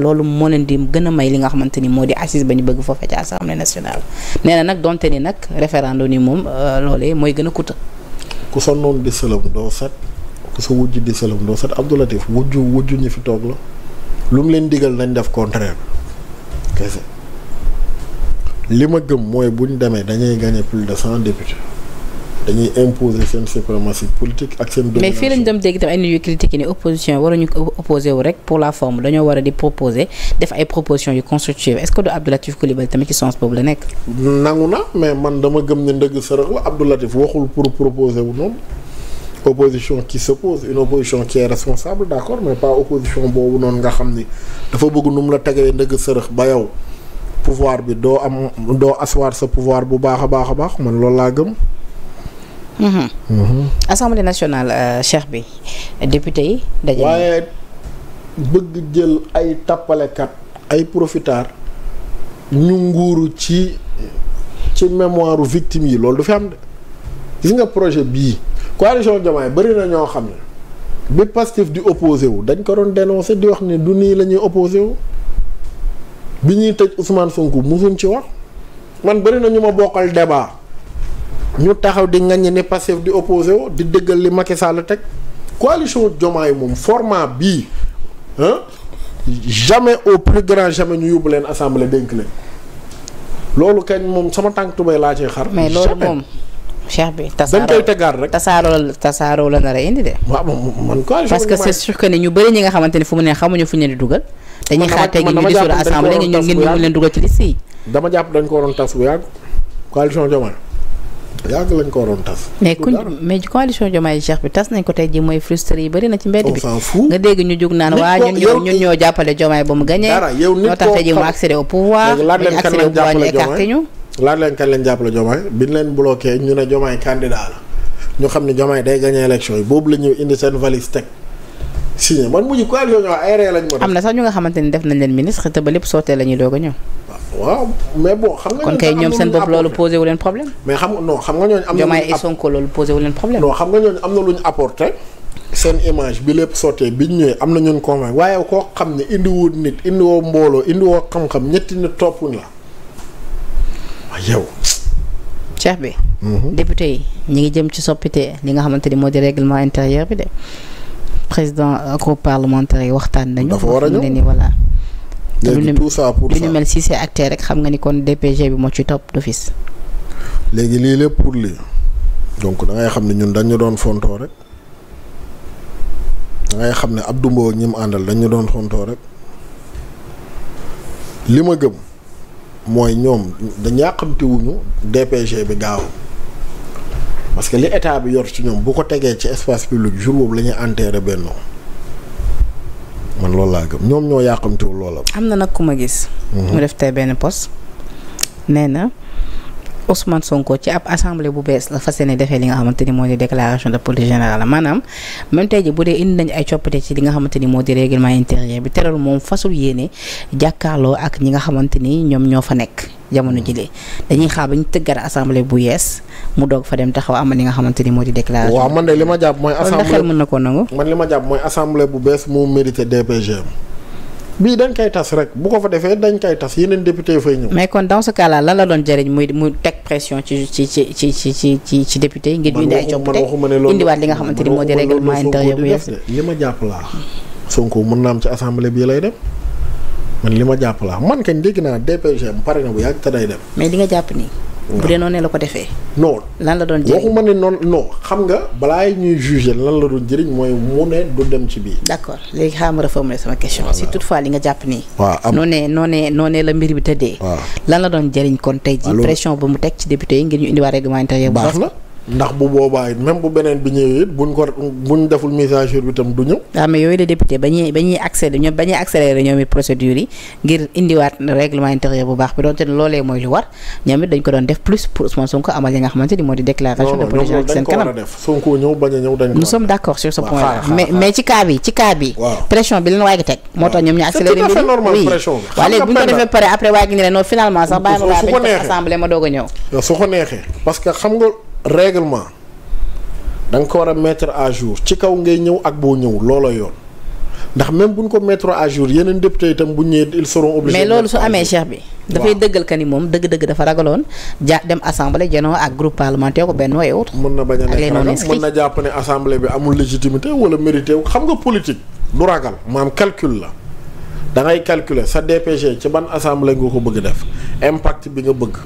loolu moo leen di gën a may li nga xamante ni moo di assise ba ñu bëgg foofee ci assemblée nationale nee na nag donte ni nag référendum ni moom euh, loolee mooy gën a kuta ku sonnoon di sëlëm doo set ku sa wujj di sëlëm doo set Abdou Latif wujju wujju ñi fi toog la lu mu leen digal nañ def contraire kese li ma gëm mooy buñ demee dañuy gagné plus de cent députés dañuy imposer seen suprématie mais fii lañ dem dégg tam ay nit yu critiquer ni opposition waruñu ko opposé rek pour la forme dañoo war a di proposer def ay propositions yu constructives est ce que du Abdou Latif Coulibaly tamit ci sens boobu la nekk. nangu na mais man dama gëm ne ndëgg sërëx la Abdou Latif waxul pour proposer wu noonu. opposition ki s'oppose une opposition qui est responsable d'accord mais pas opposition boobu noonu nga xam ni dafa bëgg nu mu la tegee ndëgg sërëx ba yow pouvoir bi doo am doo asseoir sa pouvoir bu baax a baax a baax man loolu laa gëm Mm-hmm. Mm-hmm. assemblée nationale euh, cheikh bi député yi. daje waaye bëgg jël ay tappalekat ay profiteurs ñu nguuru ci ci mémoire victime yi loolu du fi am de gis nga projet bii coalition Diomaye bëri na ñoo xam ne. bi Pastef di opposé wu dañ ko doon dénoncé di wax ne du nii la ñuy opposé wu bi ñuy tëj Ousmane Sonko musuñ ci wax man bëri na ñu ma bokkal débat ñu taxaw di ngañ ne Pastef di opposé wu di dëggal li Macky Sall teg coalition Diomaye moom format bii ah jamais au plus grand jamais ñu yóbbu leen assemblée dénk leen loolu kañ moom sama tànk tubay laa ciy xar. moom. cheikh bi tasaaroo dañ koy tegaat rek tasaaroo la tasaaroo la nar a indi de. waaw man coalition parce que c'est sûr que ne ñu bëri ñi nga xamante ne fu mu ne xamuñu fu ñu leen di dugal. dañuy xaar tey ñu dissoudre assemblée ngeen ñu leen dugal ci liste yi. dama jàpp dañ ko waroon tas bu yàgg coalition yàgg lañ ko waroon tas. mais kuñ mais coalition Diomaye Cheikh bi tas nañ ko tey ji mooy frustré yi bëri na ci mbedd bi. nga dégg ñu jug naan waa ñun ñoo ñun ñoo jàppale Diomaye ba mu gagné. dara yow nit koo tax tey ji mu accédé au pouvoir. laaj leen kañ leen jàppale bi ñu leen bloqué ñu ne Diomaye candidat la ñu xam ne Diomaye day gagné élection yi boobu la ñuy indi seen valise teg signé man mujj coalition ñoo ay ree lañ ma. am na sax ñu nga xamante ni def na leen ministre te ba lépp sootee la ñuy doog waaw mais boo xam nga. kon ñoom seen bopp loolu posé wu leen problème. mais xam nga xam nga ñooñu. am na Diomaye et Sonko loolu posé wu leen problème. non xam nga ñooñu am na lu ñu apporté. seen image bi lépp sottee bi ñu ñëwee am na ñun mooy waaye koo xam ne indiwoo nit indiwoo mbooloo indiwoo xam-xam ñetti nit toppuñ la waaw yow. cheikh bi. Mhm. député yi ñu ngi jëm ci soppite li nga xamante ni moo di règlement intérieur bi de président euh, groupe parlementaire yi waxtaan nañu. dafa war a ñëw ne te lu ni lu ni mel si c'est acté rek xam nga ni kon DPG bi moo ci topp d'office. léegi lii lépp pour lii donc da ngay xam ne ñun dañu doon fontoo rek da xam ne Abdou Mbow ñi mu àndal dañu doon fontoo rek li ma gëm mooy ñoom dañu yàqamtiwuñu DPG bi gaaw parce que li état bi yor ci ñoom bu ko tegee ci espace public jour boobu la ñuy enterré man loolu laa gëm ñoom ñoo yàqamtiwul loola. am na nag ku ma gis. Mhm. mu def tey benn post nee na Ousmane Sonko ci ab assemblée bu bees la fas yéene defee li nga xamante ni moo di déclaration de politique générale maanaam même tey ji bu dee indi nañ ay coppite ci li nga xamante ni moo di règlement intérieur bi teral moom fasul yéene jàkkaarloo ak ñi nga xamante ni ñoom ñoo fa nekk. jamono jile dañuy xaar ba ñu tëggaat assemblée bu yees mu doog fa dem taxaw amal li nga xamante ni moo di déclaration. waaw man de li ma jàpp mooy. assemblée xel mën na koo nangu. mooy assemblée bu bees mu mérité ko fa defee dañ koy tas yeneen député yi lan la doon jëriñ muy muy teg ci ci yi. ngir ñu li nga xamante ni moo di règlement intérieur bu yees laa Sonko mën naa am ci assemblée bii lay dem man li ma jàpp laa man kañ dégg naa DPG am pare na bu yàgg te day dem. mais li nga jàpp nii. bu dee la ko defee. non lan la doon jëriñ waxuma ne noonu non xam nga balaa ñuy juger lan la doon jëriñ mooy mu ne du dem ci bii. d' accord léegi xaaral ma reformuler sama question. si toutefois li nga jàpp nii. waaw am noonee noonee noonee la mbir bi tëddee. lan la doon jëriñ kon tey ji pression ba mu teg ci député yi ngir ñu indiwaat règlement intérieur. baax na ndax bu boobaa bu beneen bi ñëwee it buñ ko deful mise bi tam du ñëw. waaw ah, mais yooyu la député ba ñuy ñoom it procédure yi ngir indiwaat règlement intérieur bu baax bi doonte ne loolee mooy lu war ñoom it dañ ko doon def plus pour Ousmane Sonko amal li nga xamante ni moo di déclaration de pression bi leen waay gi teg moo tax ñoom ñu accéléré ma doog a ñëw su ko neexee parce que xam nga règlement da ko war a mettre à jour ci kaw ngay ñëw ak boo ñëw loola yoon ndax même bu ñu ko mettre à jour yeneen député itam bu ñëwee ils seront obligés. mais loolu su amee cheikh bi. dafay dëggal ka ni moom dëgg-dëgg dafa ragaloon ja dem assemblée janoo ak groupe parlementaire ko benn et autre. mën na bañ a nekk mën na jàpp ne assemblée bi amul légitimité wala mérité xam nga politique lu ragal maam calcul la. dangay ngay calculer sa DPG ci ban assemblée nga ko bëgg def impact bi nga bëgg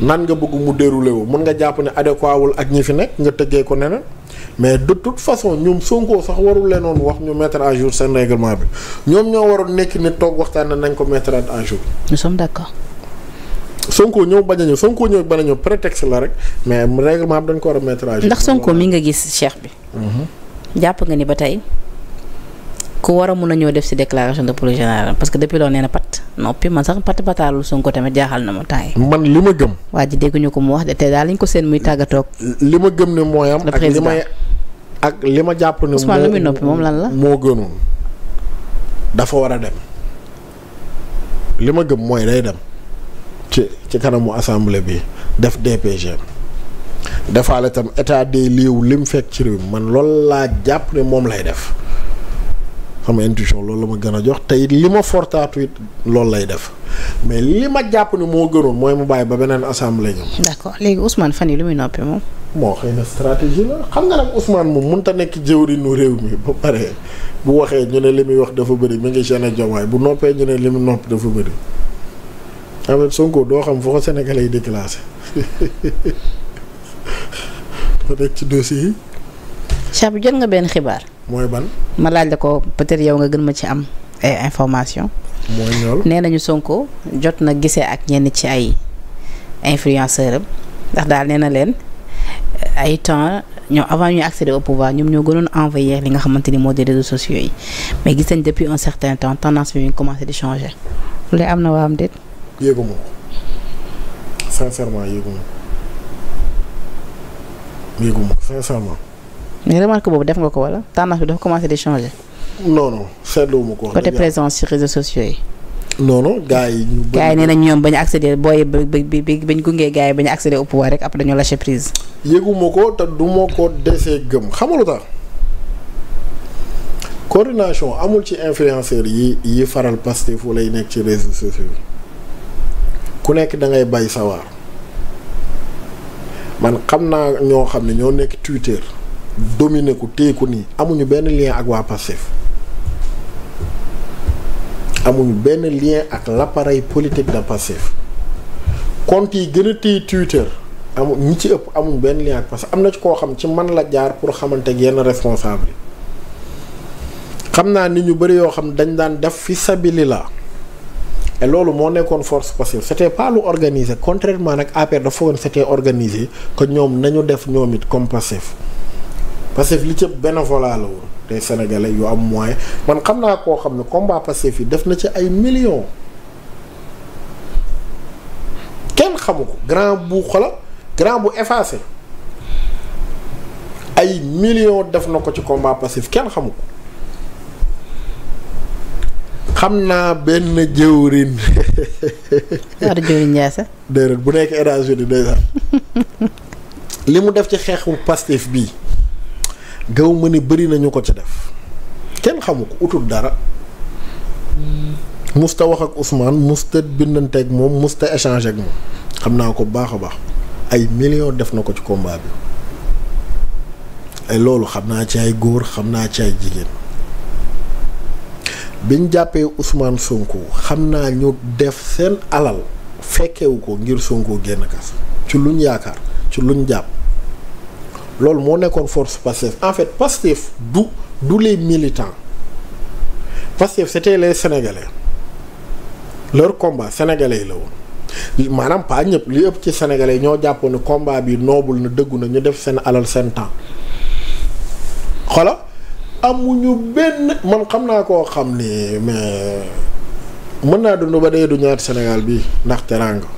nan nga bëgg mu déroulé wu mun nga jàpp ne adéquat wul ak ñi fi nekk nga tëggee ko neneen mais de toute façon ñoom Sonko sax warul leenoon wax ñu mettre à jour seen règlement bi ñoom ñoo waroon nekk ni toog waxtaan nañ ko mettre à jour. nous sommes d'accord. Sonko ñëw bañ a ñëw Sonko ñëw bañ a ñëw prétexte la rek mais règlement bi dañ ko war a mettre à jour. ndax Sonko mi nga gis cheikh bi. Mhm. jàpp nga ni ba tey. ku war a mun a ñoo def si déclaration de politique générale parce que depuis loolu nee na pat noppi man sax pat pataalul Sonko tamit jaaxal na ma temps man li ma gëm. waa ji dégguñu ko mu wax de te daal ko seen muy tàggatoog. li ma gëm ne mooy am. ak li may ak li ma jàpp ne. Ousmane moom lan la moo gënoon dafa war a dem li ma gëm mooy day ci ci kanamu assemblée bi def DPG. defaale tam état des lieux li mu fekk ci réew man lool laa jàpp ne moom lay def. sama intuition loolu la ma gën a jox tey li ma fortaatu it loolu lay def mais li ma jàpp ne moo gënoon mooy mu bàyyi ba beneen assemblée ñoom. d'accord léegi Ousmane fan yi lu muy noppi moom. moo xëy na stratégie la xam nga nag Ousmane moom mënut a nekk jëwriñu réew mi ba pare bu waxee ñu ne li muy wax dafa bëri mi ngi gêné Diomaye bu noppee ñu ne li mu noppi dafa bëri. avec Sonko doo xam foo ko Sénégalais yi déclassé ba ci dossier yi. Chape jot nga benn xibaar. mooy ban. ma laaj la ko peut-être yow nga gën ma ci am ay information mooy loolu nee nañu Sonko jot na gisee ak ñenn ci ay influenceur am ndax daal nee na leen euh, ay temps ñoom avant ñu accéder au pouvoir ñoom ñoo gënoon envoyer li nga xamante ni moo di réseaux sociaux yi mais gis nañ depuis un certain temps tendance bi mu commencé di changer. lu am na waa am déet. mais remarque boobu def nga ko wala tendance bi dafa commencé di changer. non non seetluwuma ko. côté présence ci réseaux sociaux yi. non non gars yi. nañ ñoom bañ a accéder booy bi bi bi bañ gungee gars yi bañ a accéder au pouvoir rek après dañoo lâché prise. yëguma ko te du ma ko desee gëm xamalu tax coordination amul ci influenceur yi yi faral Pastef fu lay nekk ci réseaux sociaux ku nekk da ngay bay sawar man xam naa ñoo xam ne ñoo nekk Twitter. dominer ko téye nii amuñu benn lien ak waa Pastef amuñu benn lien ak l'appareil politique de Pastef compte yi gën a Twitter amu ñi ci ëpp amuñu benn lien ak parce que am na koo xam ci man la jaar pour xamante yenn responsable xam naa nit ñu bëri yoo xam dañ daan def fi sabili la loolu moo nekkoon force Pastef c'était pas lu organisé contrairement nag APR dafa woon c'était organisé que ñoom nañu def ñoom it comme Pastef Pastef li cëpp bénévolat la woon tey sénégalais yu am moyen man xam naa koo xam ne combat Pastef yi def na ci ay millions kenn xamu ko grand bu xola grand bu effacé ay millions def na ko ci combat Pastef kenn xamu ko xam naa benn jëwrin. wala bu nekk li mu def ci xeexu Pastef bii. gaw ma ne bëri nañu ko ca def kenn xamu ko utul dara mm. musta wax ak Ousmane musta bindante ak moom musta échanger ak moom xam naa ko baax a baax ay millions def na ko ci combat bi ay loolu xam naa ci ay góor xam naa ci ay jigéen biñ jàppee Ousmane Sonko xam naa ñu def seen alal fekkewu ko ngir Sonko génn kas ci luñ yaakaar ci luñ jàpp loolu moo nekkoon force Pastef en fait Pastef du du les militants Pastef c'était les sénégalais loolu combat sénégalais la woon maanaam pas ñëpp li ëpp ci sénégalais ñoo jàppoon ne combat bi noobul na dëggu na ñu def seen alal seen temps xoola amuñu benn man xam naa koo xam ni mais mën naa dund ba dee du ñaar Sénégal bi ndax teraanga